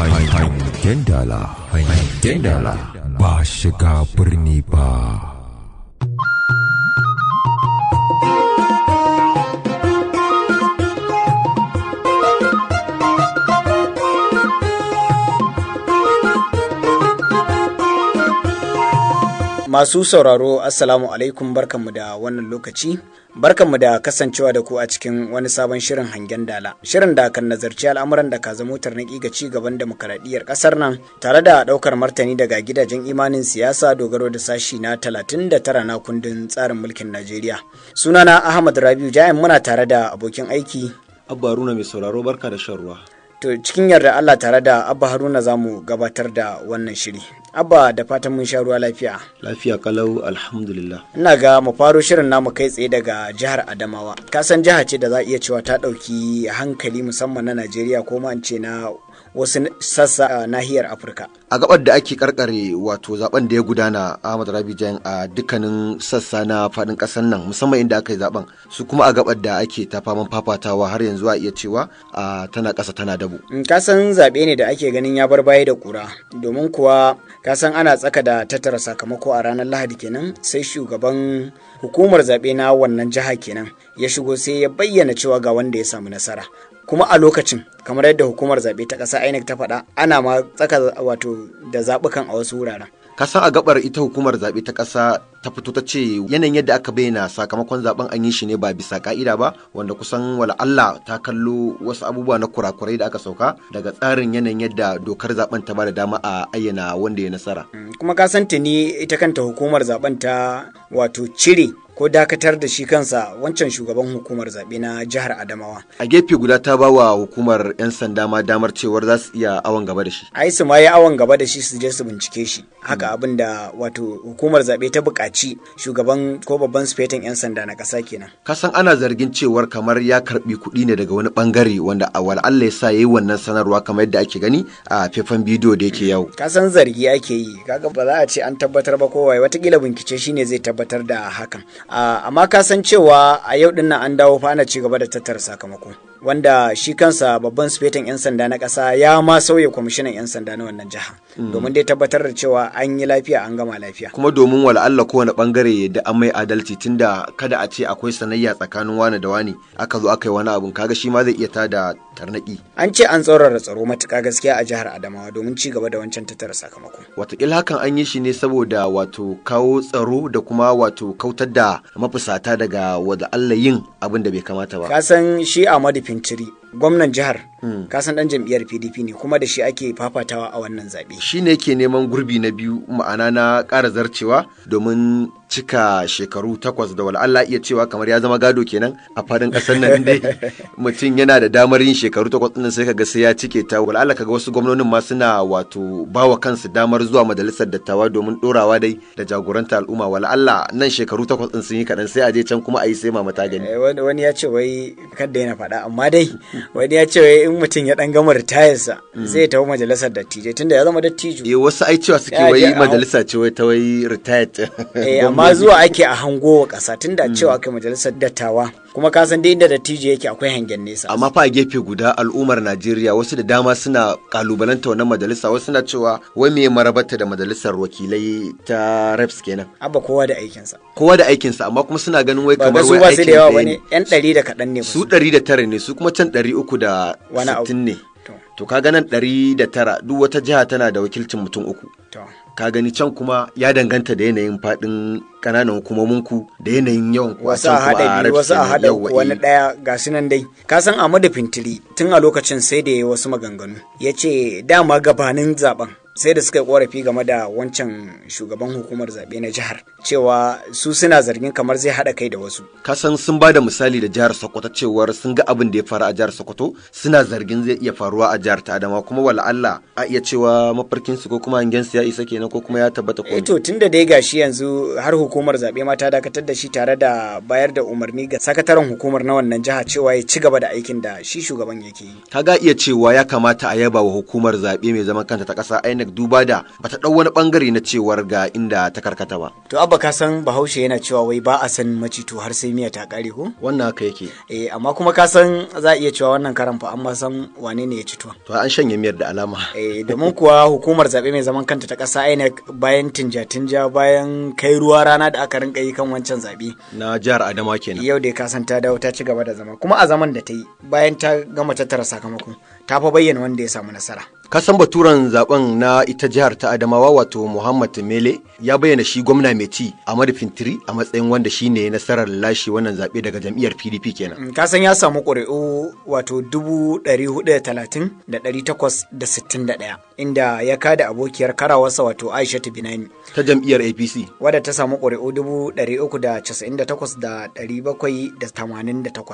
Hai, hai, hai, hai, hai, hai, hai, hai, Masu sauraro Assalamu alaikum barkanmu da wannan lokaci. Barkanmu da kasancewa da ku a cikin wani sabon shirin hangen dala. Shirin da kan nazarci al'amuran da ka zamo tarnaki ga ci gaban demokaradiyyar ƙasar nan tare da ɗaukar martani daga gidajen imanin siyasa dogaro da sashi na 39 na kundin tsarin mulkin Najeriya. Sunana Ahmad Rabiu Jayan muna tare da abokin aiki. Abba Haruna mai sauraro barka da shan ruwa. To cikin yarda Allah tare da Abba Haruna za mu gabatar da wannan shiri. Abba da fatan mun sha ruwa lafiya. Lafiya kalau alhamdulillah. Ina ga mu faro shirin namu kai tsaye daga jihar Adamawa. Ka san jiha ce da za a iya cewa ta ɗauki hankali musamman na Najeriya ko ma ce na wasu sassa a nahiyar afirka a gabar da ake karkare wato zaben da ya gudana ahmad rabi a dukkanin sassa na fadin kasar nan musamman inda aka yi zaben su kuma a gabar da ake ta faman fafatawa har yanzu a iya cewa a tana kasa tana dabo mm, kasan zabe ne da ake ganin ya bar baya da kura domin kuwa kasan ana tsaka da tattara sakamako a ranar lahadi kenan sai shugaban hukumar zabe na wannan jiha kenan ya shigo sai ya bayyana cewa ga wanda ya samu nasara kuma a lokacin kamar yadda hukumar zaɓe ta ƙasa inec ta faɗa ana ma tsaka wato da zaɓukan a wasu wuraren Kasa a gabar ita hukumar zaɓe ta ƙasa ta fito ta ce yanayin yadda aka bayyana sakamakon zaben an yi shi ne ba bisa ka'ida ba wanda kusan wala Allah ta kallo wasu abubuwa na kurakurai da aka sauka daga tsarin yanayin yadda dokar zaben ta bada dama a ayyana wanda ya nasara. Mm, kuma ka san tuni ita kanta hukumar zaben ta wato cire ko dakatar da shi kansa wancan shugaban hukumar zaɓe na jihar Adamawa. A gefe guda ta ba wa hukumar 'yan sanda ma damar cewar za su iya awon gaba da shi. Ai su ma yi awon gaba da shi su je su bincike shi. Haka abinda wato hukumar zaɓe ta buƙaci ci shugaban ko babban sufetin 'yan sanda na kasa kenan. Kasan ana zargin cewar kamar ya karbi kuɗi ne daga wani ɓangare wanda a Allah ya sa ya yi wannan sanarwa kamar yadda ake gani a faifan bidiyo da yake yau. Kasan zargi ake yi kaga ba za a ce an tabbatar ba kowa watakila bincike shine zai tabbatar da hakan. Amma kasan cewa a yau dinnan an dawo fa ana cigaba da tattara sakamako. wanda shi kansa babban sufetin 'yan sanda na kasa ya ma sauya kwamishinan 'yan sanda na wannan jiha hmm. domin dai tabbatar da cewa an yi lafiya an gama lafiya kuma domin wala Allah ko kowane bangare da da amai adalci tunda kada a ce akwai sanayya tsakanin wani da wani aka zo aka yi wani abun kaga shi ma zai iya da tarnaki an ce an tsaurara tsaro matuka gaskiya a jihar adamawa domin ci gaba da wancan tattara wato watakila hakan an yi shi ne saboda wato kawo tsaro da kuma wato kautar da mafusata daga wada allah yin abin da bai kamata ba kasan shi ahmadu fintiri gwamnan jihar Hmm. ka san dan jam'iyyar pdp ne kuma da shi ake fafatawa a wannan zaɓe shi ne ke neman gurbi na biyu ma'ana na ƙara zarcewa domin cika shekaru takwas da wal'alla iya cewa kamar ya zama gado kenan a faɗin ƙasar nan dai mutum yana da damar yin shekaru takwas ɗin sai kaga sai ya cike ta wal'alla kaga wasu gwamnonin ma suna wato bawa kansu damar zuwa majalisar dattawa domin ɗorawa dai da jagoranta al'umma wal'alla nan shekaru takwas ɗin sun yi kaɗan sai a je can kuma a yi sai mama ta gani eh, wani ya ce wai kadda yana faɗa amma dai hmm. wani ya ce wai in mutum ya dan gama ritayarsa zai mm. tafi majalisar dattijai tunda ya zama dattijo eh wasu ai cewa suke wai majalisa ce wai ta wai ritayar eh amma zuwa ake a hango wa kasa tunda mm. cewa kai majalisar dattawa kuma ka san dai inda tije yake akwai hangen nesa amma fa a gefe guda al'ummar Najeriya wasu da dama suna kalubalanta wannan majalisa wasu suna cewa wai me marabata da majalisar wakilai ta reps kenan abba kowa da aikin sa kowa da aikin sa amma kuma suna ganin wai kamar wai aikin da yawa bane yan 100 da kadan ne su 109 ne su kuma can 360 ne to kaga nan 109 duk wata jiha tana da wakilcin mutum uku ka gani can kuma ya danganta da yanayin faɗin ƙananan hukumominku da yanayin yawan ku wasu a haɗa biyu wasu a haɗa wani eh. ɗaya ga nan dai ka san amadu fintiri tun a lokacin sai da ya wasu maganganu ya ce dama gabanin zaben sai da suka yi korafi game da wancan shugaban hukumar zaɓe na jihar cewa su suna zargin kamar zai haɗa kai da wasu kasan sun ba da misali da jihar sokoto cewar sun ga abin da ya faru a jihar sokoto suna zargin zai iya faruwa a jihar ta adama kuma wala Allah a iya cewa mafarkin su ko kuma hangen su ya isa kenan ko kuma ya tabbata ko eh to tunda dai gashi yanzu har hukumar zaɓe ma ta dakatar da shi tare da bayar da umarni ga sakataren hukumar na wannan jiha cewa ya ci gaba da aikin da shi shugaban yake yi kaga iya cewa ya kamata a yaba wa hukumar zaɓe mai zaman kanta ta ƙasa INEC duba da bata ɗau wani bangare na cewar ga inda ta karkata ba. To abba ka san Bahaushe yana cewa wai ba a san macito har sai miya ta kare ko? Wannan haka yake. Eh amma kuma ka san za a iya cewa wannan karan fa an ma san wane ne ya ci tuwa. To an shanye miyar da alama. Eh domin kuwa hukumar zaɓe mai zaman kanta ta ƙasa INEC bayan tinja-tinja bayan kai ruwa rana da aka rinka yi kan wancan zaɓe. Na jihar Adama kenan. Yau da ka san ta dawo ta ci gaba da zama kuma a zaman da ta yi bayan ta gama tattara sakamako ta fa bayyana wanda ya samu nasara. kasan baturan zaben na ita jihar ta adamawa wato muhammad mele ya bayyana shi gwamna mai ci a madafin tiri a matsayin wanda shi ne nasarar lashe wannan zaɓe daga jam'iyyar pdp kenan mm, kasan ya samu ƙuri'u wato 430,861 inda ya kada abokiyar karawarsa wato aishatu binani ta jam'iyyar apc wadda ta samu ƙuri'u 398,788 to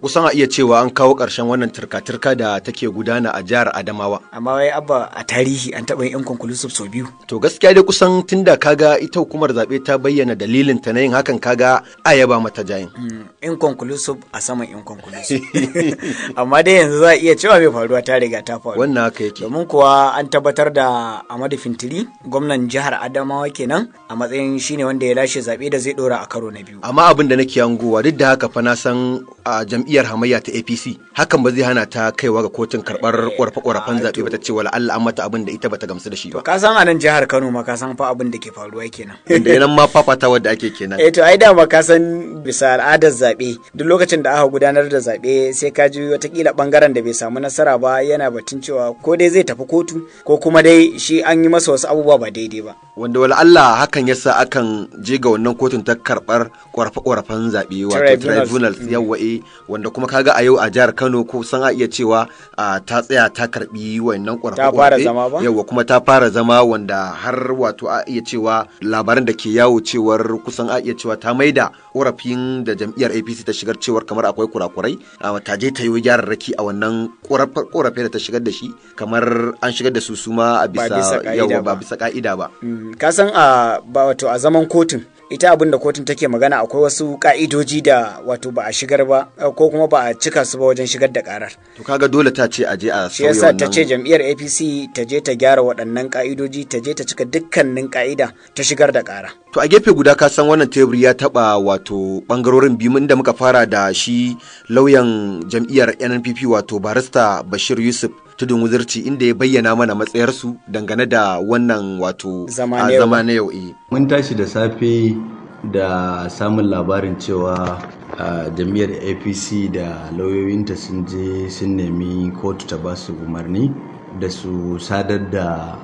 kusan a iya cewa an kawo ƙarshen wannan turka-turka da take gudana a jihar adamawa ma ya abba a tarihi an taɓa yin inconclusive sau biyu. To gaskiya dai kusan tunda kaga ita hukumar zaɓe ta bayyana dalilin ta na yin hakan kaga a yaba mata jayin. Mm, inconclusive a saman inconclusive. Amma dai yanzu za a iya cewa mai faruwa ta riga ta faru. Wannan haka yake. Domin kuwa an tabbatar da Amadu Fintiri gwamnan jihar Adamawa kenan a matsayin shine wanda ya lashe zaɓe da zai ɗora a karo na biyu. Amma abin da nake yangowa duk da haka fa na san a jam'iyyar hamayya ta APC hakan ba zai hana ta kaiwa ga kotun karɓar eh, ƙorafe-ƙorafen zaɓe ba ta ce ce wala Allah an mata abin da ita bata gamsu da shi ba ka san a nan jihar Kano ma ka san fa abin da ke faruwa kenan inda nan ma fafata wadda ake kenan eh to ai da ma ka san bisa al'adar zabe duk lokacin da aka gudanar da zabe sai ka ji watakila bangaren da bai samu nasara ba yana batun cewa ko dai zai tafi kotu ko kuma dai shi an yi masa wasu abubuwa ba daidai ba wanda wala Allah hakan yasa akan je ga wannan kotun ta karbar kwarfe-kwarfen zabe wato tribunal mm. yawa eh, wanda kuma kaga a yau a jihar Kano ko san a iya cewa ah, ta tsaya ta karbi wannan zama ba yawa kuma ta fara zama wanda har wato a iya cewa labaran da ke yawo cewar kusan a iya cewa ta maida ƙorafin da jam'iyyar apc ta shigar cewar kamar akwai kurakurai ta je ta yi gyararraki a wannan ƙorafe da ta shigar da shi kamar an shigar da su suma a bisa ba bisa ka'ida ba mm, ka san a wato a zaman kotun ita abin da kotun take magana akwai wasu ka'idoji da wato ba a shigar ba eh, ko kuma ba a cika su ba wajen shigar da karar to kaga dole ta ce a je a sauya wannan ta ce jam'iyyar APC ta je ta gyara waɗannan ka'idoji ta je ta cika dukkanin ka'ida ta shigar da kara to a gefe guda ka san wannan teburi ya taba wato bangarorin biyu inda muka fara da shi lauyan jam'iyyar NNPP wato barista Bashir Yusuf tudun wuzirci inda ya bayyana mana matsayarsu dangane da wannan wato zama na yau eh. mun tashi da safe da samun labarin cewa jami'ar apc da lauyoyinta sun je sun nemi kotu ta basu umarni da su sadar da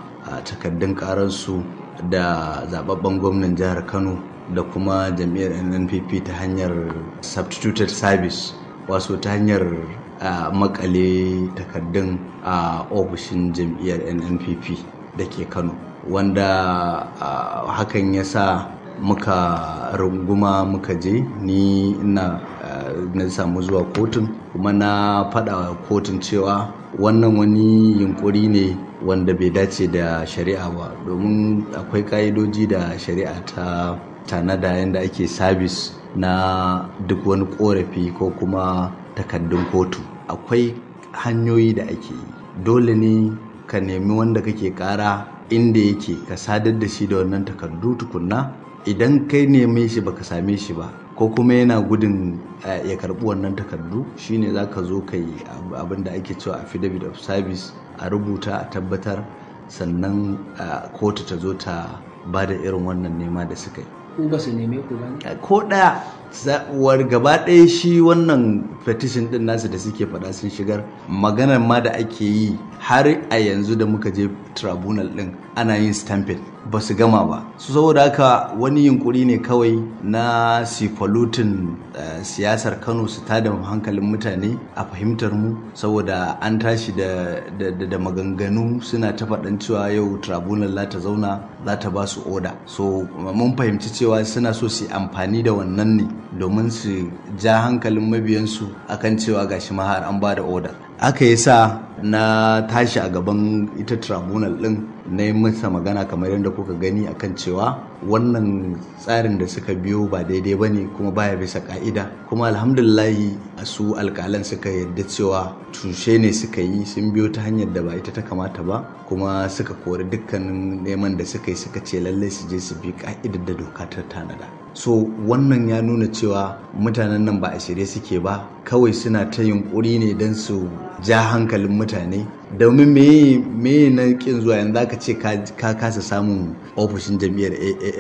takardun karansu da zababben gwamnan jihar kano da kuma jami'ar nnpp ta hanyar substituted service wasu ta hanyar maƙale takardun a ofishin jam'iyyar nnpp da ke kano wanda hakan ya sa muka runguma muka je ni ina na samu zuwa kotun kuma na faɗa kotun cewa wannan wani yunƙuri ne wanda bai dace da shari'a ba domin akwai ƙa'idoji da shari'a ta tanada yadda ake sabis na duk wani korafi ko kuma takaddun kotu akwai hanyoyi da ake yi dole ne ka nemi wanda kake kara inda yake ka sadar da shi da wannan takardu tukunna idan kai neme shi baka same shi ba ko kuma yana gudun eh, ya karbi wannan takardu shine za ka zo ka yi abin da ake cewa affidavit of service a rubuta a tabbatar sannan eh, kotu ta zo ta ba da irin wannan nema da suka yi ku ba su neme ku ba ko ɗaya war gaba ɗaya shi wannan petition ɗin nasu da suke faɗa sun shigar maganar ma da ake yi har a yanzu da muka je tribunal ɗin ana yin stamping ba su gama ba su saboda haka wani yunkuri ne kawai na sifalutin eh, siyasar kano su tada hankalin mutane a fahimtar mu saboda an tashi da, maganganu suna ta faɗan cewa yau tribunal za ta zauna za ta ba su oda so mun fahimci cewa suna so su amfani da wannan ne domin su ja hankalin mabiyansu akan cewa gashi mahar an ba da oda aka yi sa na tashi a gaban ita tribunal din na yi masa magana kamar yadda kuka gani akan cewa wannan tsarin da suka biyo ba daidai ba ne kuma baya bisa ka'ida kuma alhamdulillahi a su alkalan suka yarda cewa tushe ne suka yi sun biyo ta hanyar da ba ita ta kamata ba kuma suka kori dukkanin neman da suka yi suka ce lallai su je su bi ka'idar da doka ta tanada so wannan ya nuna cewa mutanen nan ba a shirye suke ba kawai suna ta yunkuri ne don su ja hankalin mutane Any. domin meye na kin zuwa yanzu aka ce ka kasa samun ofishin jam'iyyar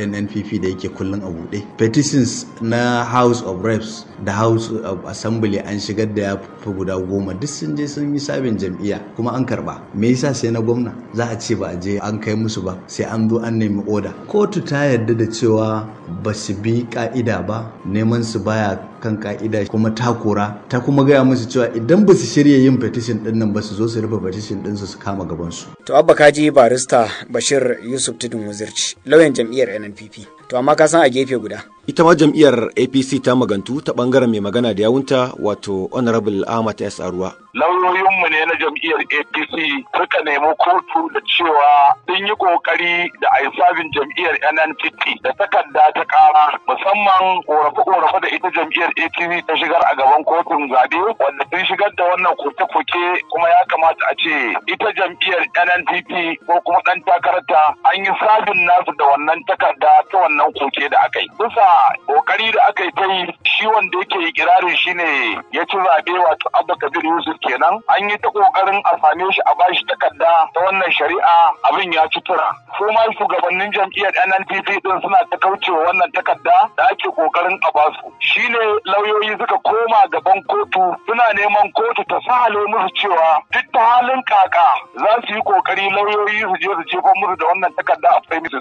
ANNPP da yake kullum a buɗe petitions na house of reps da house of assembly an shigar da ya fi guda goma duk sun je sun yi sabin jam'iyya kuma an karba me yasa sai na gwamna za a ce ba a je an kai musu ba sai an zo an nemi oda kotu ta yarda da cewa ba su bi ka'ida ba neman su baya kan ka'ida kuma ta kora ta kuma gaya musu cewa idan ba su shirya yin petition ɗin ba su zo su rufe opposition dinsu su kama gabansu. To abba kaji barista Bashir Yusuf Tudun wuzirci lauyan jam'iyyar NNPP. to amma ka san a gefe guda ita ma jam'iyyar apc ta magantu ta bangaren mai magana da yawunta wato honorable ahmad s aruwa lauyoyinmu ne na jam'iyyar apc suka nemi kotu da cewa sun yi kokari da a sabbin jam'iyyar nnpp da takarda ta kara musamman korafe-korafe da ita jam'iyyar apc ta shigar a gaban kotun zaɓe wanda sun shigar da wannan koke-koke kuma ya kamata a ce ita jam'iyyar nnpp ko kuma ɗan takarata an yi sabin nasu da wannan takarda ta wannan wannan koke da aka yi bisa kokari da aka yi ta yi shi wanda yake ikirarin shine ya ci zaɓe wato abba kabir yusuf kenan an yi ta kokarin a same shi a bashi takarda ta wannan shari'a abin ya ci tura su ma shugabannin jam'iyyar nnpp din suna ta kaucewa wannan takarda da ake kokarin a basu ne lauyoyi suka koma gaban kotu suna neman kotu ta sahale musu cewa duk ta halin kaka za su yi kokari lauyoyi su je su musu da wannan takarda a fahimci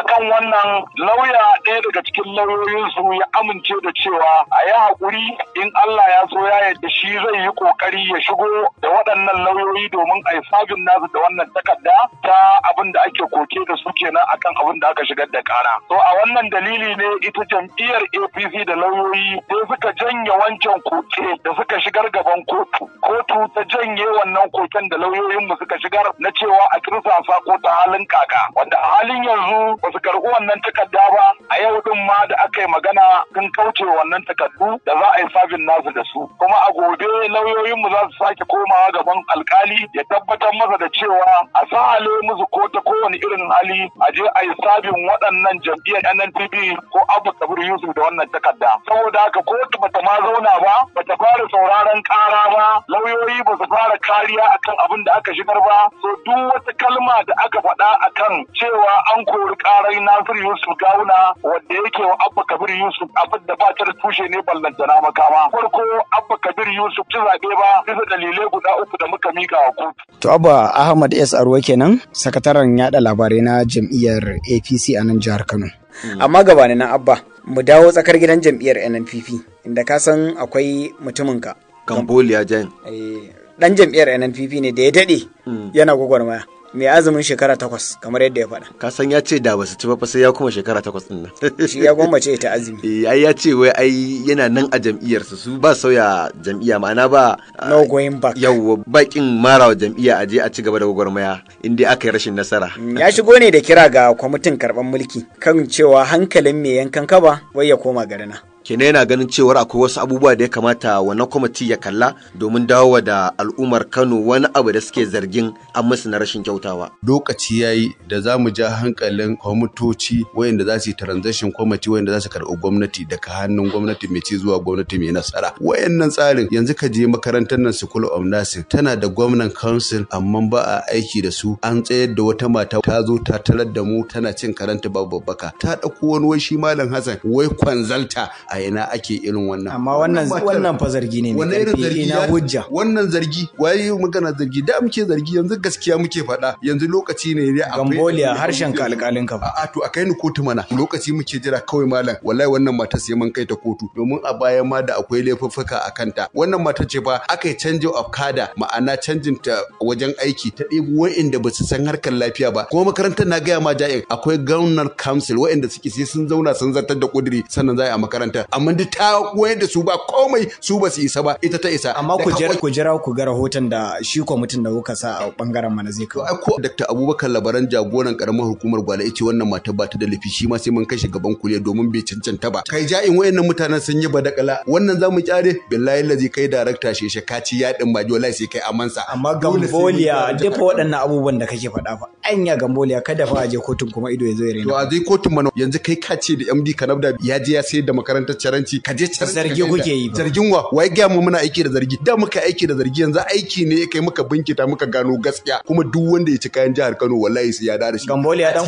akan wannan lauyoyi lauya ɗaya daga cikin lauyoyin su ya amince da cewa a yi haƙuri in Allah ya so ya yadda shi zai yi ƙoƙari ya shigo da waɗannan lauyoyi domin a yi sabin nasu da wannan takarda ta abin da ake koke da su kenan akan abin da aka shigar da kara. To a wannan dalili ne ita jam'iyyar APC da lauyoyi sai suka janye wancan koke da suka shigar gaban kotu. Kotu ta janye wannan koken da lauyoyin mu suka shigar na cewa a kirsa sako ta halin kaka wanda a halin yanzu ba su karɓi wannan takarda ba a yau din ma da aka yi magana sun kauce wannan takardu da za a yi sabin nasu da su kuma a gobe lauyoyinmu za su sake komawa gaban alkali ya tabbatar masa da cewa a sahale musu ko ta kowane irin hali a je a yi sabin waɗannan jam'iyyar NNPP ko Abu Kabir Yusuf da wannan takarda saboda haka kotu bata ma zauna ba bata fara sauraron kara ba lauyoyi ba su fara kariya akan abin da aka shigar ba so duk wata kalma da aka faɗa akan cewa an kori karai Nasiru Yusuf Gawa auna wanda yake wa Abba Kabir Yusuf abin da ba ta da tushe ne ballantana makama. Farko Abba Kabir Yusuf ci zaɓe ba bisa dalilai guda uku da muka mika wa kotu. To Abba Ahmad S. Arwa kenan sakataren yada labarai na jam'iyyar APC a nan jihar Kano. Hmm. Amma gabanin na Abba mu dawo tsakar gidan jam'iyyar NNPP inda ka san akwai mutuminka. Gamboliya Jain. Eh, ɗan jam'iyyar NNPP ne da ya daɗe hmm. yana gwagwarmaya. mai azumin shekara takwas kamar yadda ya faɗa. ka san ya ce da basu ci ba sai ya kuma shekara takwas din nan shi ya goma ce ta azumi eh ai ya ce wai ai yana nan a jam'iyyarsa su ba sauya jam'iyya ma'ana ba ah, no going back Yawwa bakin marawa jam'iyya je a ci gaba da gwagwarmaya in dai aka yi rashin nasara mm, ya shigo ne da kira ga kwamitin karɓar mulki kan cewa hankalin mai yankan kaba wai ya koma garina kenan yana ganin cewar akwai wasu abubuwa da ya kamata wannan kwamiti ya kalla domin dawo da al'ummar kano wani abu da suke zargin an musu na rashin kyautawa lokaci ya yi da za mu ja hankalin kwamitoci wayanda za su yi transition kwamiti wayanda za su karɓi gwamnati daga hannun gwamnati mai ci zuwa gwamnati mai nasara wayannan tsarin yanzu ka je makarantar nan school of nursing tana da gwamnan council amma ba a aiki da su an tsayar da wata mata ta zo ta talar da mu tana cin karanta babu babbaka ta ɗauko wani wai shi malam hassan wai kwanzalta a ina ake irin wannan amma wannan wannan fa zargi ne wannan irin zargi na hujja wannan zargi waye magana zargi da muke zargi yanzu gaskiya muke faɗa yanzu lokaci ne ne gamboliya harshen ka alƙalin ka a to akai ni kotu mana lokaci muke jira kawai malam wallahi wannan mata sai mun kai ta kotu domin a baya ma da akwai laifuffuka a kanta wannan mata ce fa aka yi canji of kada ma'ana canjin ta wajen aiki ta ɗebo wa'inda ba su san harkar lafiya ba kuma makarantar na gaya ma ja'in akwai gaunar council wa'inda suke sai sun zauna sun zartar da kudiri sannan za a yi a makaranta amma duk ta koyar da su ba komai su ba su isa ba ita ta isa amma ku jira ku jira ku ga rahoton da shi kwamitin da kuka sa a bangaren mana zai kawo ko Dr. Abubakar Labaran jagoran karamar hukumar Gwale ce wannan mata ba ta da lafi shi ma sai mun kashe gaban kuliya domin bai cancanta ba kai ja'in wayannan mutanen sun yi badakala wannan za mu kyare billahi lazi kai darakta sheshe kaci yadin baji wallahi sai kai amansa amma gamboliya dafa waɗannan abubuwan da kake faɗa fa anya gamboliya kada fa a je kotun kuma ido ya zo ya rena to a je kotun mana yanzu kai kace da MD Kanabda ya je ya sayar da makaranta mata caranci ka je caranci zargi kuke yi zargin wa wai ga mu muna aiki da zargi da muka aiki da zargi yanzu aiki ne kai muka binkita muka gano gaskiya kuma duk wanda ya ci kayan jihar Kano wallahi sai ya da shi Gambole dan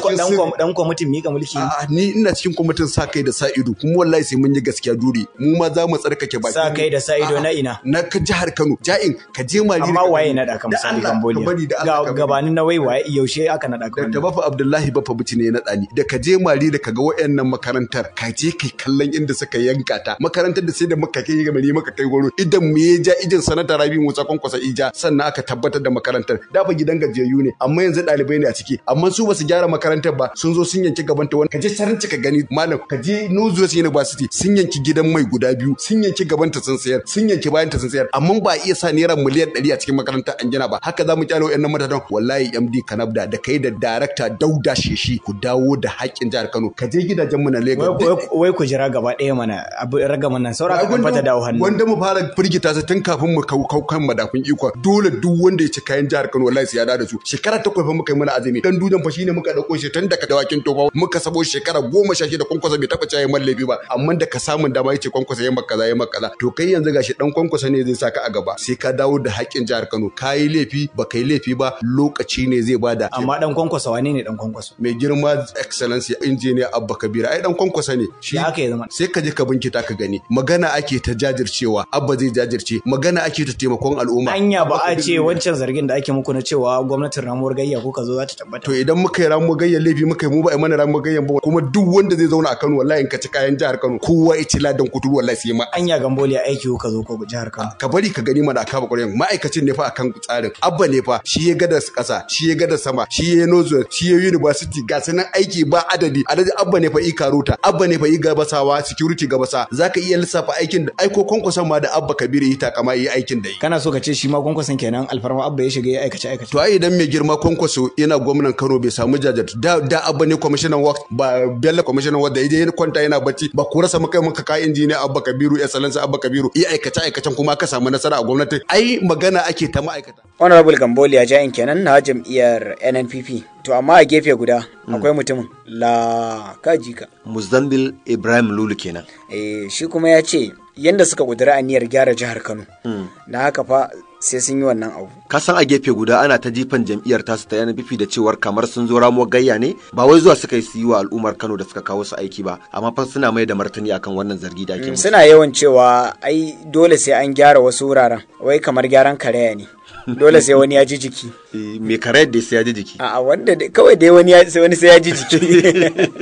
dan kwamitin mika mulki ni ina cikin kwamitin sa kai da sa ido kuma wallahi sai mun yi gaskiya duri mu ma za mu tsarkake baki sa kai da sa ido na ina na jihar Kano ja'in ka je Mali. amma waye na da kan misali Gambole gabanin na waiwaye yaushe aka nada ka da bafa Abdullahi bafa buci ne ya da ka je Mali da ka ga wayannan makarantar ka je kai kallon inda suka Ka yanka ta makarantar da sai da muka kai gamari muka kai goro idan mu ya ja ijin sanata rabi musa kwasa ija sannan aka tabbatar da makarantar da ba gidan gajiyayyu ne amma yanzu dalibai ne a ciki amma su ba su gyara makarantar ba sun zo sun yanki gaban ta wani kaje saranci ka gani malam kaje Northwest University sun yanki gidan mai guda biyu sun yanki gaban ta sun sayar sun yanki bayan ta sun sayar amma ba iya sa naira miliyan 100 a cikin makarantar gina ba haka za mu kyale wayannan matatan wallahi MD Kanabda da kai da director Dauda Sheshi ku dawo da haƙƙin jihar Kano kaje gidajen mu na Lagos wai ku jira gaba ɗaya mana abu raga mana saura ka fata dawo hannu wanda mu fara firgita su tun kafin mu kau kan madafin iko dole duk wanda ya ci kayan jihar Kano wallahi sai ya dada su shekara takwas fa muka yi mana azumi dan dudan fa shine muka dauko shi tun daga dawakin tofa muka sabo shekara goma sha shida kwankwasa bai taba caye man laifi ba amma da ka samu dama yace kwankwasa yayin makaza yayin makaza to kai yanzu gashi dan kwankwasa ne zai saka a gaba sai ka dawo da haƙƙin jihar Kano kai laifi ba kai laifi ba lokaci ne zai bada amma dan kwankwasa wane ne dan kwankwasa mai girma excellency engineer Abba Kabira ai dan kwankwasa ne shi ya yi zaman sai ka je ka ka binkita ka gani magana ake ta jajircewa abba zai jajirce magana ake ta taimakon al'umma hanya ba a ce wancan zargin da ake muku na cewa gwamnatin ramuwar gayya ko ka zo za ta tabbata to idan muka yi ramuwar gayya laifi muka yi mu ba a mana ramuwar gayya ba kuma duk wanda zai zauna a Kano wallahi in ka ci kayan jihar Kano kowa ya ci ladan kuturu wallahi sai ma hanya gamboli aiki ka zo ko jihar Kano ka bari ka gani mana ka ba ƙwaryan ma'aikacin ne fa akan tsarin abba ne fa shi ya gada ƙasa shi ya gada sama shi ya nozo shi ya university ga sanan aiki ba adadi adadi abba ne fa ikaruta abba ne fa igabasawa security ci gaba sa zaka iya lissafa aikin da aiko kwankwason ma da abba kabiru yi takama yi aikin da yi kana so ka ce shi ma kwankwason kenan alfarma abba ya shiga ya aikace aikace to ai idan mai girma kwankwaso yana gwamnan Kano bai samu jajirtu da da abba ne kwamishinan wax ba bella kwamishinan work da yaje ya kwanta yana bacci ba ku rasa makai maka ka injiniya abba kabiru ya salansa abba kabiru ya aikace aikacen kuma ka samu nasara a gwamnati ai magana ake ta ma'aikata honorable gamboli ya ja'in kenan na jam'iyyar nnpp to amma a gefe guda hmm. akwai mutumin la kajika muzambil ibrahim lulu kenan eh shi kuma ya ce yadda suka kudura aniyar gyara jihar kano hmm. na haka fa sai sun yi wannan abu kasan a gefe guda ana ta jifan jam'iyyar tasu ta NPP da cewar kamar sun zo ramuwar gayya ne ba wai zuwa suka yi su yi wa al'ummar Kano da suka kawo su aiki ba amma fa suna mai da martani akan wannan zargi da ake mm, suna yawan cewa ai dole sai an gyara wasu wuraren wai kamar gyaran karaya ne dole sai wani ya ji jiki mai karayar da sai ya ji jiki a wanda kawai dai wani wani sai ya ji jiki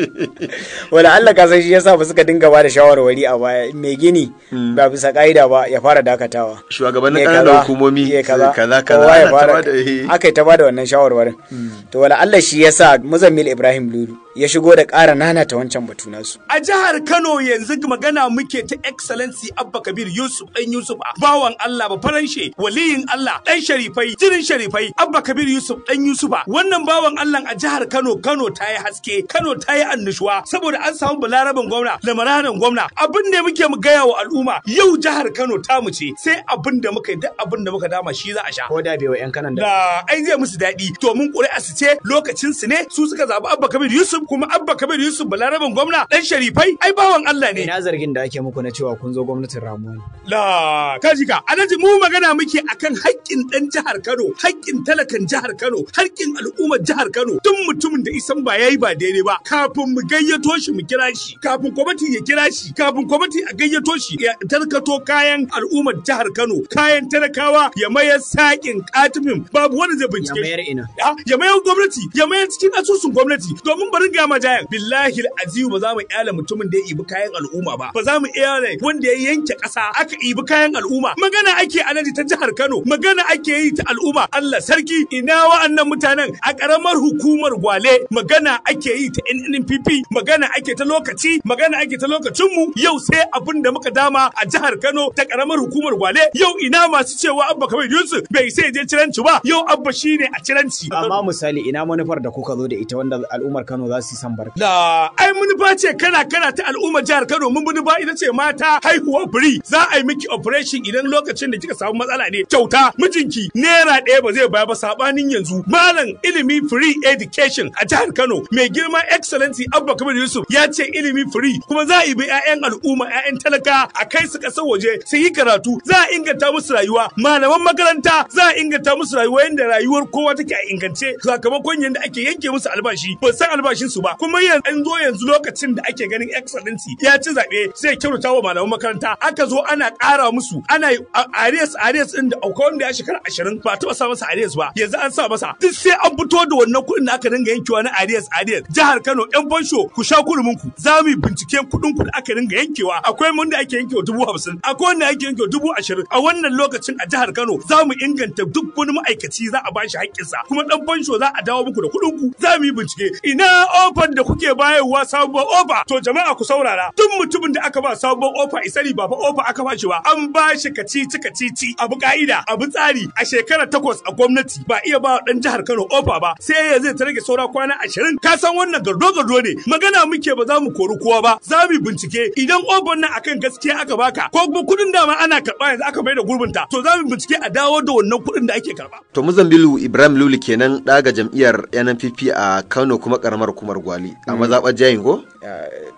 wala Allah ka san shi yasa ba suka dinga bada shawarwari a baya mai gini hmm. ba bisa ka'ida ba ya fara dakatawa shugabannin ƙananan hukumomi kaza kaza ya fara aka yi ta bada wannan shawarwarin hmm. to wala Allah shi yasa Muzammil Ibrahim Lulu ya shigo da ƙara nana ta wancan batu nasu a jihar Kano yanzu magana muke ta excellency Abba Kabir Yusuf ɗan Yusuf bawan Allah ba faranshe waliyin Allah ɗan sharifai jirin sharifai Abba Garba Kabir Yusuf dan Yusufa wannan bawan Allah a jihar Kano Kano ta yi haske Kano ta yi annishuwa saboda an samu balarabin gwamna da maranan gwamna abin da muke mu gaya wa al'umma yau jihar Kano ta mu ce sai abin da muka yi, duk abin da muka dama shi za a sha ko da bai wa yan kanan da ai zai musu daɗi to mun ƙuri'a su ce lokacin su ne su suka zabi Abba Kabir Yusuf kuma Abba Kabir Yusuf balarabin gwamna dan Sharifai ai bawan Allah ne ina zargin da ake muku na cewa kun zo gwamnatin Ramuwa la kaji ka Alhaji mu magana muke akan haƙƙin dan jihar Kano haƙƙin talaka talakan jihar Kano harkin al'ummar jihar Kano duk mutumin da isan ba yayi ba daidai ba kafin mu gayyato shi mu kira shi kafin kwamiti ya kira shi kafin kwamiti a gayyato shi ya tarkato kayan al'ummar jihar Kano kayan talakawa ya mayar sakin katimin babu wani zai bincike ya mayar ina ah, ya mayar gwamnati ya mayar cikin asusun gwamnati domin bari ga majayan billahi aziyu ba za mu iyala mutumin da ya ibi kayan al'umma ba ba za mu iyala wanda ya yanke ƙasa aka ibi kayan al'umma magana ake a ta jihar Kano magana ake yi ta al'umma Allah sarki ina wa'annan mutanen a karamar hukumar gwale magana ake yi ta NNPP magana ake ta lokaci magana ake ta lokacinmu yau sai abin da muka dama a jihar Kano ta karamar hukumar gwale yau ina masu cewa abba kamar Yusuf bai sai je ciranci ba yau abba shine a ciranci amma misali ina manufar da kuka zo da ita wanda al'ummar Kano za su san barka la ai manufa ce kana kana ta al'ummar jihar Kano mun manufa ita ce mata haihuwa free za a yi miki operation idan lokacin da kika samu matsala ne kyauta mijinki nera ɗaya ba zai baya ba sabanin yanzu malam ilimi free education a jihar Kano mai girma excellency Abba Kabir Yusuf ya ce ilimi free kuma za a bi 'ya'yan al'umma 'ya'yan talaka a kai su kasar waje su yi karatu za a inganta musu rayuwa malaman makaranta za a inganta musu rayuwa yadda rayuwar kowa take a ingance sakamakon yadda ake yanke musu albashi ba san albashin su ba kuma yanzu an zo yanzu lokacin da ake ganin excellency ya ci zaɓe sai kyautata wa malaman makaranta aka zo ana ƙara musu ana arias arias din da akwai wanda ya shekara ashirin ba taɓa sa masa arias ba yanzu an sa masa duk sai an fito da wannan kuɗin da aka dinga yankewa na arias arias jihar kano yan bansho ku sha kurumin ku za mu binciken kuɗin ku da aka dinga yankewa akwai mun da ake yankewa dubu hamsin akwai wanda ake yankewa dubu ashirin a wannan lokacin a jihar kano za mu inganta duk wani ma'aikaci za a bashi haƙƙinsa kuma ɗan fansho za a dawo muku da kuɗin ku za mu yi bincike ina ofan da kuke bayarwa sabuwar ofa to jama'a ku saurara duk mutumin da aka ba sabuwar ofa isari ba fa ofa aka ba shi ba an ba shi kacici kacici abu ka'ida abu tsari a shekara takwas a gwamnati ba iya ba dan jihar Kano ofa ba sai ya zai ta rage saura kwana ashirin ka san wannan gardo gardo ne magana muke ba za mu kori kowa ba za mu bincike idan ofan nan akan gaskiya aka baka ko kuma kudin dama ana karba yanzu aka bai da gurbinta to za mu bincike a dawo da wannan kudin da ake karba to Muzambilu Ibrahim luli kenan daga jam'iyyar NNPP a Kano kuma karamar kumar Gwali a mm. mazaɓar jayin ko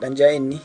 dan jayin ne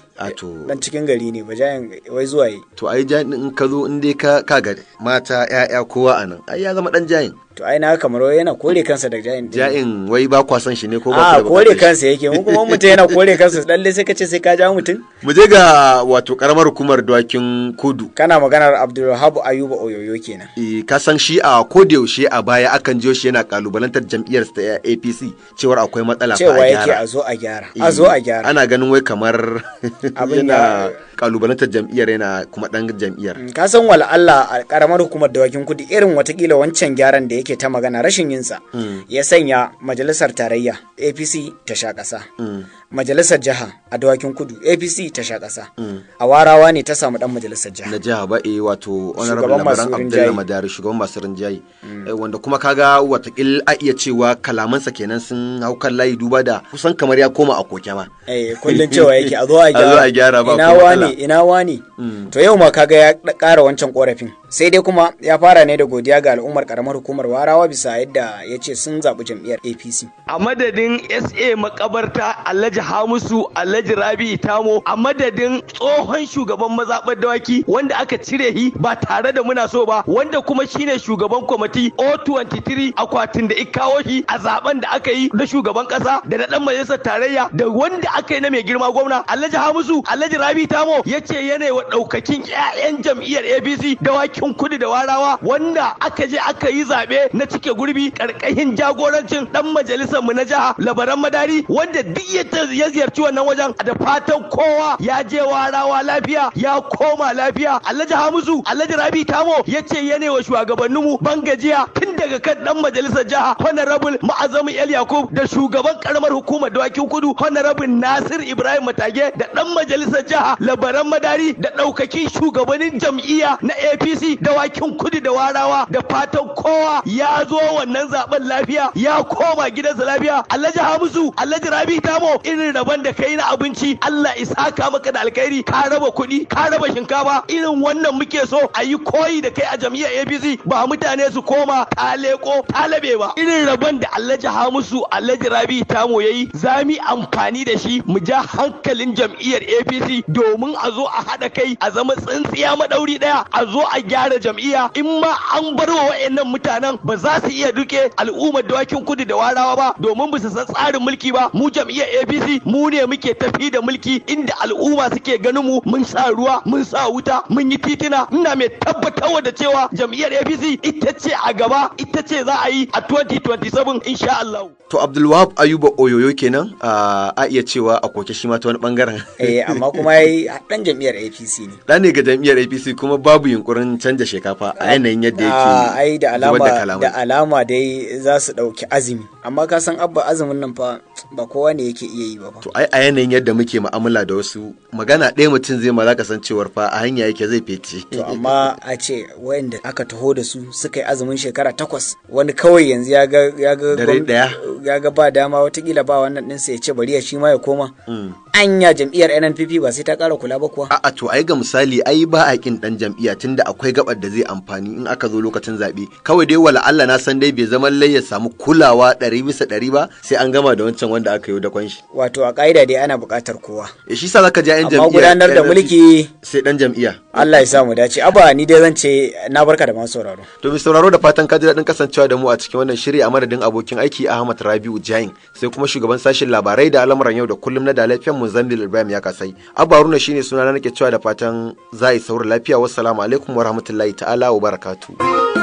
dan cikin gari ne ba jayin wai zuwa yi to ai jayin in ka zo in dai ka ga mata ya'ya kowa a nan ai ya zama dan jayin to ai na kamar wai yana kore kansa da jayin jayin wai ba kwa san shi ne ko ba ah, ku kore kansa yake mu kuma mutum yana kore kansa lalle sai ka ce sai ka ja mutum mu je ga wato karamar hukumar dokin kudu kana maganar abdulwahab ayuba oyoyo kenan eh ka san shi a yaushe a baya akan jiyo shi yana kalubalantar jam'iyyar ta APC cewar akwai matsala fa a gyara cewa yake a zo a gyara a eh, zo a gyara ana ganin wai kamar yana kalubalantar jam'iyyar yana kuma dan jam'iyyar mm, ka san wala Allah a karamar hukumar dawakin kudi irin watakila wancan gyaran da yake ta magana rashin yinsa mm. ya sanya majalisar tarayya APC ta sha kasa mm. majalisar jiha a dawakin kudu apc ta sha kasa mm. a warawa ne ta samu dan majalisar jiha na jiha ba eh wato honorable labaran abdullahi madari shugaban masu rinjaye. Mm. Eh, wanda kuma kaga watakil a iya cewa kalamansa kenan sun hau kan layi duba da kusan kamar ya koma a koke ma eh kullun cewa yake a zo a gyara ina wani ina mm. wani to yau ma kaga ya kara wancan korafin sai dai kuma ya fara ne da godiya ga al'ummar karamar hukumar warawa bisa yadda ya ce sun zaɓi jam'iyyar apc a madadin sa makabarta alhaji hamusu alhaji rabi itamo a madadin tsohon shugaban mazaɓar dawaki wanda aka cire hi ba tare da muna so ba wanda kuma shine shugaban kwamiti o23 akwatin da ikawo shi a zaben da aka yi na shugaban kasa da na dan majalisar tarayya da wanda aka yi na mai girma gwamna alhaji hamusu alhaji rabi itamo ya ce yanayi wa ɗaukakin 'ya'yan jam'iyyar apc dawaki sarkin kudu da warawa wanda aka je aka yi zaɓe na cike gurbi karkashin jagorancin dan majalisar mu na jiha labaran madari wanda duk ya ziyarci wannan wajen da fatan kowa ya je warawa lafiya ya koma lafiya alhaji hamisu alhaji rabi tamo ya ce ya ne wa shugabanninmu ban gajiya tun daga kan ɗan majalisar jiha honorable ma'azamin el yakub da shugaban karamar hukumar dawakin kudu honorable nasir ibrahim matage da ɗan majalisar jiha labaran madari da ɗaukakin shugabannin jam'iyya na apc APC da wakin kudi da warawa da fatan kowa ya zo wannan zaben lafiya ya koma gidansa lafiya Alhaji Hamisu Alhaji Rabi Tamo irin rabon da kai na abinci Allah ka maka da alkhairi ka raba kuɗi ka raba shinkafa irin wannan muke so a yi koyi da kai a jam'iyyar APC ba mutane su koma taleko talabe ba irin rabon da Alhaji Hamisu Alhaji Rabi Tamo yayi zami amfani da shi mu ja hankalin jam'iyyar APC domin a zo a haɗa kai a zama tsintsiya maɗauri daya a zo a gyara jam'iyya in ma an bar wa wa'annan mutanen ba za su iya duke al'ummar dawakin kudu da warawa ba domin ba su san tsarin mulki ba mu jam'iyyar APC mu ne muke tafi da mulki inda al'umma suke ganin mu mun sa ruwa mun sa wuta mun yi titina ina mai tabbatarwa da cewa jam'iyyar APC ita ce a gaba ita ce za a yi a 2027 insha Allah to Abdulwahab Ayuba Oyoyo kenan a iya cewa a koke shi ma ta wani bangaren eh amma kuma yayi dan jam'iyyar APC ne dan ne ga jam'iyyar APC kuma babu yunkurin canza shekafa a yanayin yadda yake ai da alama da alama dai za su dauki azumi amma ka san abba azumin nan fa ba kowa ne yake iya yi ba to ai a yanayin yadda muke mu'amala da wasu magana ɗaya mutum zai ma ka san cewar fa a hanya yake zai fece to amma a ce wayanda aka taho da su suka yi azumin shekara takwas wani kawai yanzu ya ga ya ga ya ga ba dama watakila ba wannan din sai ya ce bari ya shi ma ya koma mm. anya jam'iyyar NNPP ba sai ta ƙara kula ba kuwa a'a to ai ga misali ai ba a kin dan jam'iyya tunda akwai gabar da zai amfani in aka zo lokacin zabe kawai dai wala Allah na san dai bai zama lai ya samu kulawa ɗari bisa ɗari ba sai an gama da wancan wanda aka yi dakon shi wato a ka'ida dai ana buƙatar kowa e shi sa zaka je yan jam'iyya amma gudanar da mulki sai dan jam'iyya Allah ya sa dace aba ni dai zan ce na barka da masu sauraro to bi sauraro da fatan ka ji daɗin kasancewa da mu a cikin wannan shiri a madadin abokin aiki Ahmad Rabiu Jain sai kuma shugaban sashin labarai da al'amuran yau da kullum na dalafiyan Muzambil Ibrahim ya kasai abba Haruna shine suna na nake cewa da fatan za a yi sauri lafiya wassalamu alaikum warahmatullahi ta'ala wa barakatuh